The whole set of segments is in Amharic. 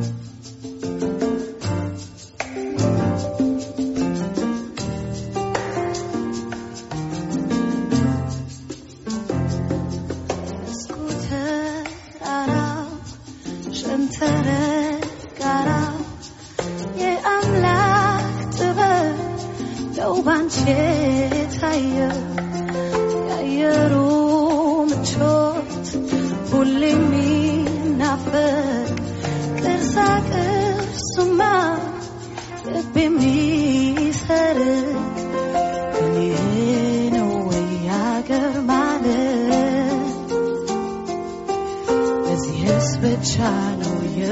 Thank you.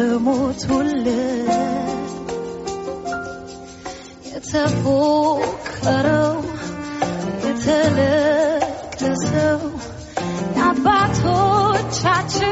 ልሞቱለት የተፎከረው የተለቀሰው የአባቶቻችን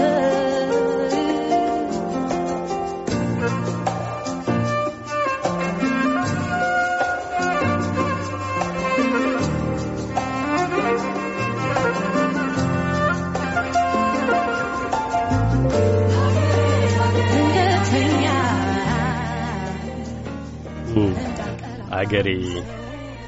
አገሬ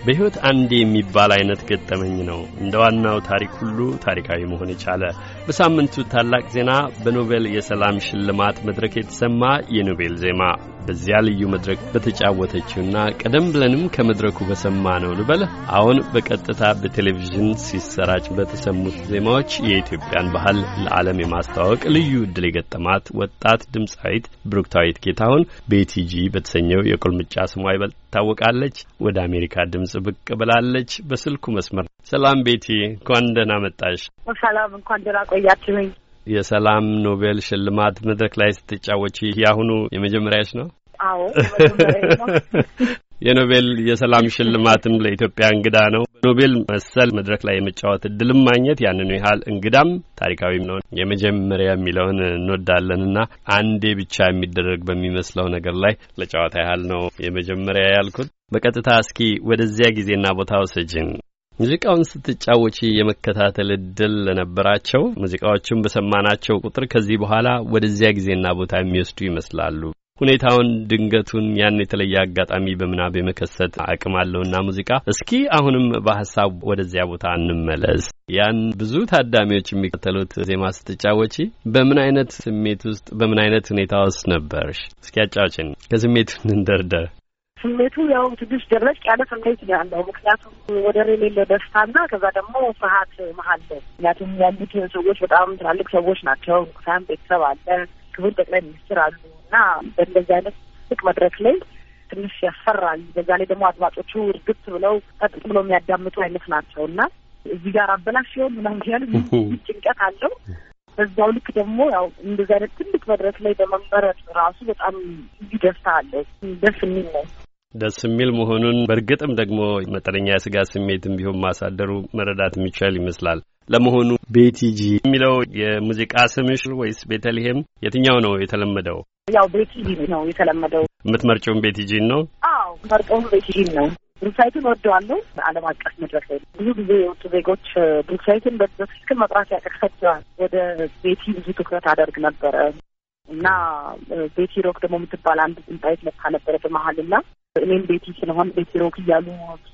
በሕይወት አንዴ የሚባል አይነት ገጠመኝ ነው። እንደ ዋናው ታሪክ ሁሉ ታሪካዊ መሆን የቻለ በሳምንቱ ታላቅ ዜና በኖቤል የሰላም ሽልማት መድረክ የተሰማ የኖቤል ዜማ በዚያ ልዩ መድረክ በተጫወተችውና ቀደም ብለንም ከመድረኩ በሰማ ነው ልበል አሁን በቀጥታ በቴሌቪዥን ሲሰራጭ በተሰሙት ዜማዎች የኢትዮጵያን ባህል ለዓለም የማስተዋወቅ ልዩ እድል የገጠማት ወጣት ድምፃዊት ብሩክታዊት ጌታሁን ቤቲጂ በተሰኘው የቁልምጫ ስሟ ይበልጥ ትታወቃለች። ወደ አሜሪካ ድምጽ ብቅ ብላለች በስልኩ መስመር። ሰላም ቤቲ፣ እንኳን ደህና መጣሽ። ሰላም፣ እንኳን ደህና ቆያችሁኝ። የሰላም ኖቤል ሽልማት መድረክ ላይ ስትጫወች ይህ የአሁኑ ነው? አዎ የኖቤል የሰላም ሽልማትም ለኢትዮጵያ እንግዳ ነው። ኖቤል መሰል መድረክ ላይ የመጫወት እድልም ማግኘት ያንኑ ያህል እንግዳም ታሪካዊም ነው። የመጀመሪያ የሚለውን እንወዳለንና አንዴ ብቻ የሚደረግ በሚመስለው ነገር ላይ ለጨዋታ ያህል ነው የመጀመሪያ ያልኩት። በቀጥታ እስኪ ወደዚያ ጊዜና ቦታ ውሰጅን። ሙዚቃውን ስትጫወቺ የመከታተል እድል ለነበራቸው ሙዚቃዎቹን በሰማናቸው ቁጥር ከዚህ በኋላ ወደዚያ ጊዜና ቦታ የሚወስዱ ይመስላሉ። ሁኔታውን ድንገቱን ያን የተለየ አጋጣሚ በምናብ የመከሰት አቅም አለውና ሙዚቃ እስኪ አሁንም በሀሳብ ወደዚያ ቦታ እንመለስ። ያን ብዙ ታዳሚዎች የሚከተሉት ዜማ ስትጫወቺ በምን አይነት ስሜት ውስጥ በምን አይነት ሁኔታ ውስጥ ነበርሽ? እስኪ አጫዎችን ከስሜቱ እንደርደር ስሜቱ ያው ትንሽ ደረቅ ያለ ስሜት ያለው። ምክንያቱም ወደር የሌለ እና ከዛ ደግሞ ፍርሃት መሀል ነው። ምክንያቱም ያሉት ሰዎች በጣም ትላልቅ ሰዎች ናቸው። ሳም ቤተሰብ አለ፣ ክቡር ጠቅላይ ሚኒስትር አሉ እና በእንደዚህ አይነት ትልቅ መድረክ ላይ ትንሽ ያስፈራል። በዛ ላይ ደግሞ አድማጮቹ እርግጥ ብለው ጠጥ ብለው የሚያዳምጡ አይነት ናቸው እና እዚህ ጋር አበላሽ ሲሆን ምናምን ያል ጭንቀት አለው። በዛው ልክ ደግሞ ያው እንደዚህ አይነት ትልቅ መድረክ ላይ በመመረጥ ራሱ በጣም ደስታ አለው። ደስ የሚል ነው። ደስ የሚል መሆኑን በእርግጥም ደግሞ መጠነኛ የስጋት ስሜትም ቢሆን ማሳደሩ መረዳት የሚቻል ይመስላል። ለመሆኑ ቤቲጂ የሚለው የሙዚቃ ስምሽ ወይስ ቤተልሔም የትኛው ነው የተለመደው? ያው ቤቲጂ ነው የተለመደው። የምትመርጨውን ቤቲጂን ነው? አዎ መርጠውን ቤቲጂን ነው። ብሩክሳይትን ወደዋለሁ። ዓለም አቀፍ መድረክ ላይ ብዙ ጊዜ የወጡ ዜጎች ብሩክሳይትን በትክክል መጥራት ያቀርሳቸዋል። ወደ ቤቲ ብዙ ትኩረት አደርግ ነበረ እና ቤቲ ሮክ ደግሞ የምትባል አንድ ጥንታዊት መጥታ ነበረ በመሀል እና እኔም ቤቲ ስለሆን ቤት ሮክ እያሉ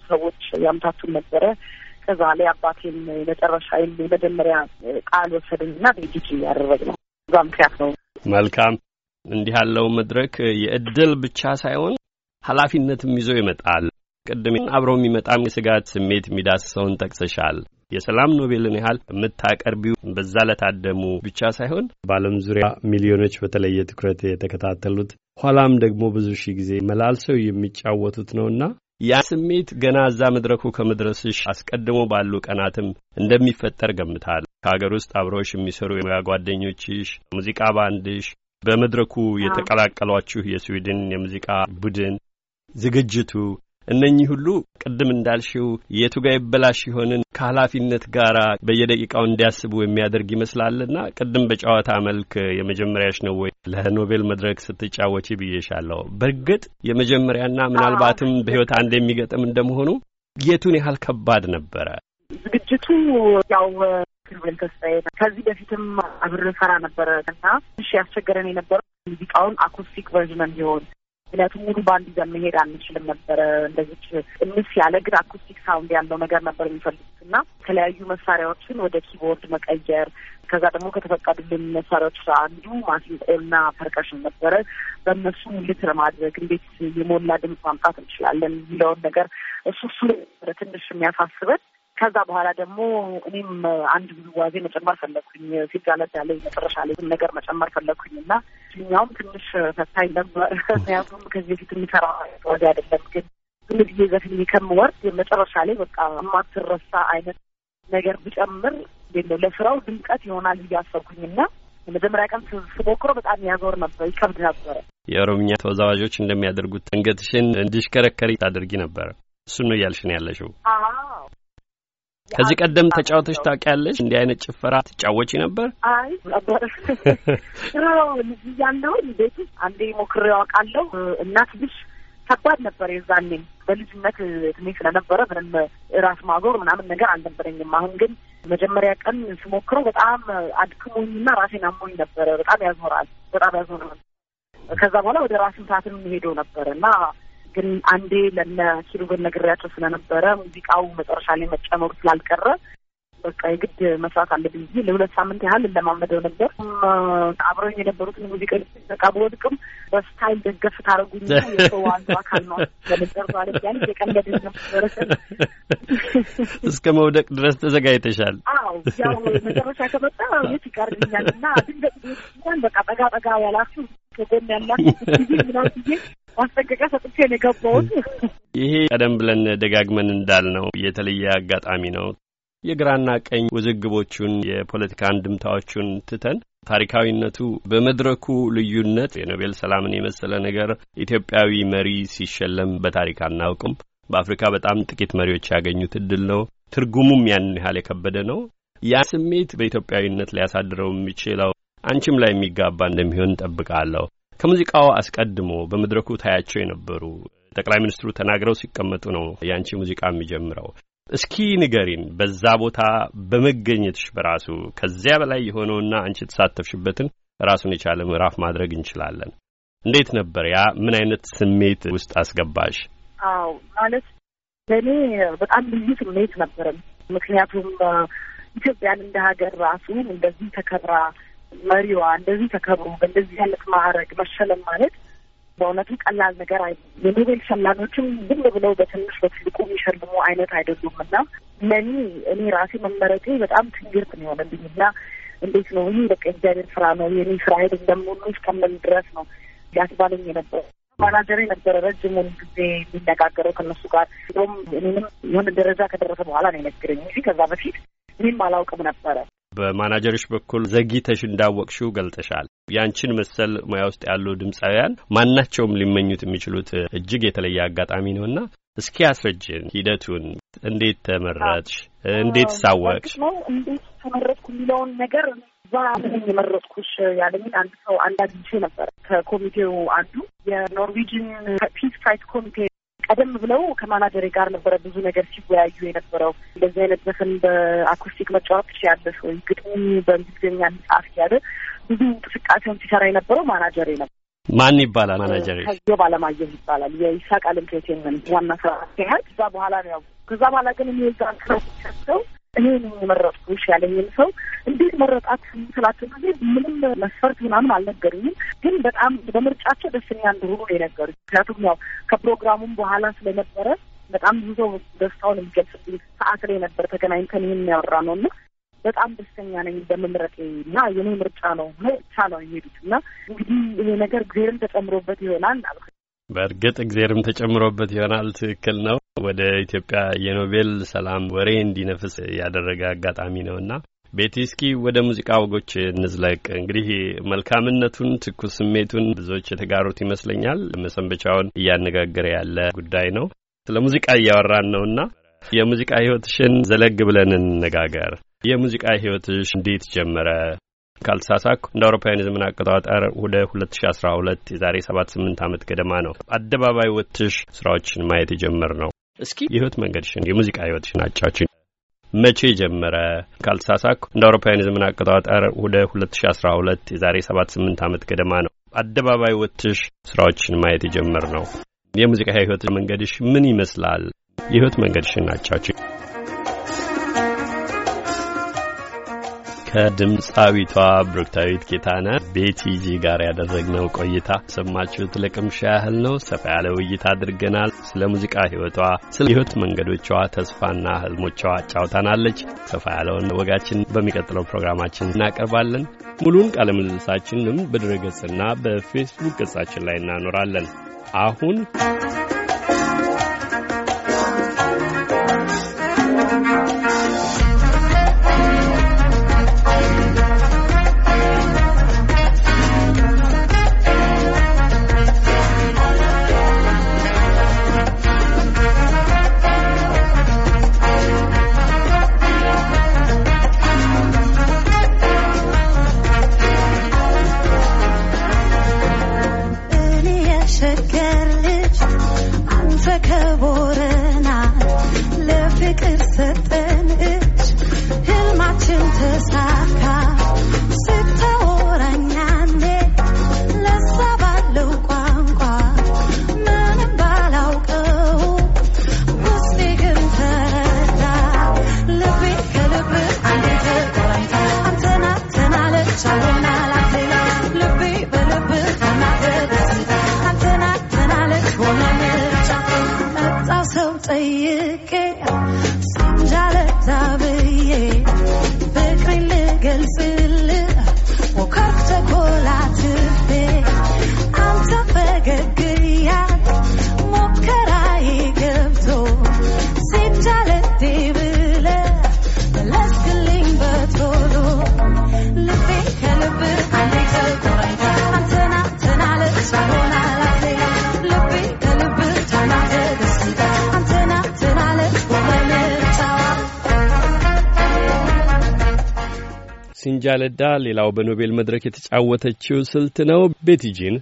ሰዎች ያምታቱን ነበረ። ከዛ ላይ አባቴም መጨረሻ የመጀመሪያ ቃል ወሰድን ወሰድንና ቤጂቲ ያደረግ ነው። እዛ ምክንያት ነው። መልካም እንዲህ ያለው መድረክ የእድል ብቻ ሳይሆን ኃላፊነትም ይዞ ይመጣል። ቅድሜ አብረው የሚመጣም የስጋት ስሜት የሚዳስሰውን ጠቅሰሻል። የሰላም ኖቤልን ያህል የምታቀርቢው በዛ ለታደሙ ብቻ ሳይሆን በዓለም ዙሪያ ሚሊዮኖች በተለየ ትኩረት የተከታተሉት ኋላም ደግሞ ብዙ ሺህ ጊዜ መላልሰው የሚጫወቱት ነውና ያ ስሜት ገና እዛ መድረኩ ከመድረስሽ አስቀድሞ ባሉ ቀናትም እንደሚፈጠር ገምታል። ከሀገር ውስጥ አብረውሽ የሚሰሩ የሙያ ጓደኞችሽ፣ ሙዚቃ ባንድሽ፣ በመድረኩ የተቀላቀሏችሁ የስዊድን የሙዚቃ ቡድን ዝግጅቱ እነኚህ ሁሉ ቅድም እንዳልሽው የቱ ጋ ይበላሽ ይሆንን ከኃላፊነት ጋር በየደቂቃው እንዲያስቡ የሚያደርግ ይመስላልና ቅድም በጨዋታ መልክ የመጀመሪያሽ ነው ወይ ለኖቤል መድረክ ስትጫወች ብዬሻለሁ። በእርግጥ የመጀመሪያና ምናልባትም በህይወት አንድ የሚገጥም እንደመሆኑ የቱን ያህል ከባድ ነበረ ዝግጅቱ? ያው ክርቤል ተስፋዬ ከዚህ በፊትም አብሬ ሰራ ነበረ እና እሺ ያስቸገረን የነበረው ሙዚቃውን አኩስቲክ ቨርዥን እንዲሆን ምክንያቱም ሙሉ በአንድ ይዘን መሄድ አንችልም ነበረ። እንደዚች እንስ ያለ ግን አኩስቲክ ሳውንድ ያለው ነገር ነበር የሚፈልጉት እና የተለያዩ መሳሪያዎችን ወደ ኪቦርድ መቀየር ከዛ ደግሞ ከተፈቀዱልን መሳሪያዎች አንዱ ማሲንቆና ፐርከሽን ነበረ። በእነሱ ሙልት ለማድረግ እንዴት የሞላ ድምፅ ማምጣት እንችላለን የሚለውን ነገር እሱ እሱ ትንሽ የሚያሳስበን ከዛ በኋላ ደግሞ እኔም አንድ ውዝዋዜ መጨመር ፈለግኩኝ። ሲጋለት ያለ መጨረሻ ላይ ነገር መጨመር ፈለግኩኝ እና እኛውም ትንሽ ፈታኝ ነበር። ምክንያቱም ከዚህ በፊት የሚሰራ ዋዜ አይደለም፣ ግን ሁሉ ጊዜ ዘፊልኝ ከምወርድ መጨረሻ ላይ በቃ የማትረሳ አይነት ነገር ብጨምር የለው ለስራው ድምቀት ይሆናል እያሰብኩኝ አሰብኩኝ እና መጀመሪያ ቀን ስሞክሮ በጣም ያዞር ነበር፣ ይከብድ ነበረ። የኦሮምኛ ተወዛዋዦች እንደሚያደርጉት አንገትሽን እንዲሽከረከሪ ታደርጊ ነበረ። እሱን ነው እያልሽን ያለሽው? አዎ ከዚህ ቀደም ተጫውተሽ ታውቂያለሽ? እንዲህ አይነት ጭፈራ ትጫወቺ ነበር? አይ ነበር ልጅ እያለሁኝ ቤት ውስጥ አንዴ ሞክሬ አውቃለሁ እና ትንሽ ከባድ ነበር። የዛኔ በልጅነት እድሜ ስለነበረ ምንም ራስ ማዞር ምናምን ነገር አልነበረኝም። አሁን ግን መጀመሪያ ቀን ስሞክረው በጣም አድክሞኝና ራሴን አሞኝ ነበረ። በጣም ያዞራል፣ በጣም ያዞራል። ከዛ በኋላ ወደ ራስን ምታትን ሄደው ነበር እና ግን አንዴ ለነ ኪሩቤል ነግሬያቸው ስለነበረ ሙዚቃው መጨረሻ ላይ መጨመሩ ስላልቀረ በቃ የግድ መስራት አለብኝ ብዬ ለሁለት ሳምንት ያህል እንለማመደው ነበር። አብረኝ የነበሩትን ሙዚቃ በቃ በወድቅም በስታይል ደገፍ ታደረጉኝ የሰው አንዱ አካል ነው በነበር ማለት ያን የቀለደ ነበረሰብ እስከ መውደቅ ድረስ ተዘጋጅተሻል። አዎ ያው መጨረሻ ከመጣ የት ይቀርልኛል እና ድንገት እንኳን በቃ ጠጋ ጠጋ ያላችሁ ከጎን ያላችሁ ጊዜ ምናምን ጊዜ ማስጠንቀቂያ ሰጥቼ ነው የገባሁት። ይሄ ቀደም ብለን ደጋግመን እንዳልነው የተለየ አጋጣሚ ነው። የግራና ቀኝ ውዝግቦቹን የፖለቲካ አንድምታዎቹን ትተን ታሪካዊነቱ በመድረኩ ልዩነት የኖቤል ሰላምን የመሰለ ነገር ኢትዮጵያዊ መሪ ሲሸለም በታሪክ አናውቅም። በአፍሪካ በጣም ጥቂት መሪዎች ያገኙት እድል ነው። ትርጉሙም ያንን ያህል የከበደ ነው። ያ ስሜት በኢትዮጵያዊነት ሊያሳድረው የሚችለው አንቺም ላይ የሚጋባ እንደሚሆን እንጠብቃለሁ። ከሙዚቃው አስቀድሞ በመድረኩ ታያቸው የነበሩ ጠቅላይ ሚኒስትሩ ተናግረው ሲቀመጡ ነው ያንቺ ሙዚቃ የሚጀምረው። እስኪ ንገሪን፣ በዛ ቦታ በመገኘትሽ በራሱ ከዚያ በላይ የሆነውና አንቺ የተሳተፍሽበትን ራሱን የቻለ ምዕራፍ ማድረግ እንችላለን። እንዴት ነበር ያ? ምን አይነት ስሜት ውስጥ አስገባሽ? አዎ ማለት ለእኔ በጣም ልዩ ስሜት ነበረ። ምክንያቱም ኢትዮጵያን እንደ ሀገር ራሱ እንደዚህ ተከብራ መሪዋ እንደዚህ ተከብሮ በእንደዚህ አይነት ማዕረግ መሸለም ማለት በእውነቱ ቀላል ነገር አይ የኖቤል ሸላሚዎችም ዝም ብለው በትንሽ በትልቁ የሚሸልሙ አይነት አይደሉም እና ለእኔ እኔ ራሴ መመረጤ በጣም ትንግርት ነው የሆነብኝ እና እንዴት ነው ይህ በቃ እግዚአብሔር ስራ ነው የኔ ስራ ሄድ እንደምሆኑ እስከምን ድረስ ነው ያስባለኝ የነበረ ማናጀር የነበረ ረጅሙን ጊዜ የሚነጋገረው ከነሱ ጋር ም እኔንም የሆነ ደረጃ ከደረሰ በኋላ ነው የነገረኝ እንጂ ከዛ በፊት እኔም አላውቅም ነበረ በማናጀሮች በኩል ዘግይተሽ እንዳወቅሽው ገልጠሻል። ያንቺን መሰል ሙያ ውስጥ ያሉ ድምፃውያን ማናቸውም ሊመኙት የሚችሉት እጅግ የተለየ አጋጣሚ ነውና እስኪ አስረጅን ሂደቱን። እንዴት ተመረጥሽ? እንዴት ሳወቅሽ እንዴት ተመረጥኩ የሚለውን ነገር እዛ ምንም የመረጥኩሽ ያለኝን አንድ ሰው አንድ አግኝቼ ነበር። ከኮሚቴው አንዱ የኖርዌጅን ፒስ ፋይት ኮሚቴ ቀደም ብለው ከማናጀሬ ጋር ነበረ ብዙ ነገር ሲወያዩ የነበረው። እንደዚህ አይነት ዘፈን በአኩስቲክ መጫወት ትችያለሽ ወይ? ግጥሙ በእንግሊዝኛ ጻፍ እያለ ብዙ እንቅስቃሴውን ሲሰራ የነበረው ማናጀሬ ነበር። ማን ይባላል ማናጀሬ? ከየብ አለማየሁ ይባላል። የይስሐቅ ዓለም ኢንተርቴንመንት ዋና ስራ አስኪያጅ። ከዛ በኋላ ነው ያው ከዛ በኋላ ግን የሚወዛ ክረው እኔ ነው የመረጥኩሽ ያለኝን ሰው እንዴት መረጣት ስላቸው ጊዜ ምንም መስፈርት ምናምን አልነገሩኝም። ግን በጣም በምርጫቸው ደስተኛ እንደሆኑ ነው የነገሩኝ። ምክንያቱም ያው ከፕሮግራሙም በኋላ ስለነበረ በጣም ብዙ ሰው ደስታውን የሚገልጽብኝ ሰዓት ላይ ነበር ተገናኝተን ይህን የሚያወራ ነው እና በጣም ደስተኛ ነኝ በመምረጤ እና የኔ ምርጫ ነው ብቻ ነው የሄዱት እና እንግዲህ ይሄ ነገር እግዜርም ተጨምሮበት ይሆናል አልኩ። በእርግጥ እግዜርም ተጨምሮበት ይሆናል። ትክክል ነው። ወደ ኢትዮጵያ የኖቤል ሰላም ወሬ እንዲነፍስ ያደረገ አጋጣሚ ነውና ቤቲ እስኪ ወደ ሙዚቃ ወጎች እንዝለቅ። እንግዲህ መልካምነቱን፣ ትኩስ ስሜቱን ብዙዎች የተጋሩት ይመስለኛል። መሰንበቻውን እያነጋገረ ያለ ጉዳይ ነው። ስለ ሙዚቃ እያወራን ነውና የሙዚቃ ህይወትሽን ዘለግ ብለን እንነጋገር። የሙዚቃ ህይወትሽ እንዴት ጀመረ? ካልተሳሳኩ እንደ አውሮፓውያን የዘመን አቆጣጠር ወደ 2012 የዛሬ 78 ዓመት ገደማ ነው አደባባይ ወጥሽ ስራዎችን ማየት የጀመር ነው። እስኪ የህይወት መንገድሽን የሙዚቃ ህይወትሽን አጫችን። መቼ ጀመረ? ካልተሳሳኩ እንደ አውሮፓውያን የዘመን አቆጣጠር ወደ 2012 የዛሬ 78 ዓመት ገደማ ነው አደባባይ ወጥሽ ስራዎችን ማየት የጀመር ነው። የሙዚቃ ህይወት መንገድሽ ምን ይመስላል? የህይወት መንገድሽን አጫችን። ከድምፃዊቷ ብሩክታዊት ጌታነ ቤቲጂ ጋር ያደረግነው ቆይታ ሰማችሁት ለቅምሻ ያህል ነው። ሰፋ ያለ ውይይት አድርገናል። ስለ ሙዚቃ ሕይወቷ፣ ስለ ሕይወት መንገዶቿ፣ ተስፋና ህልሞቿ ጫውታናለች። ሰፋ ያለውን ወጋችን በሚቀጥለው ፕሮግራማችን እናቀርባለን። ሙሉን ቃለ ምልልሳችንንም በድረገጽና በፌስቡክ ገጻችን ላይ እናኖራለን። አሁን ለዳ ሌላው በኖቤል መድረክ የተጫወተችው ስልት ነው። ቤቲጂን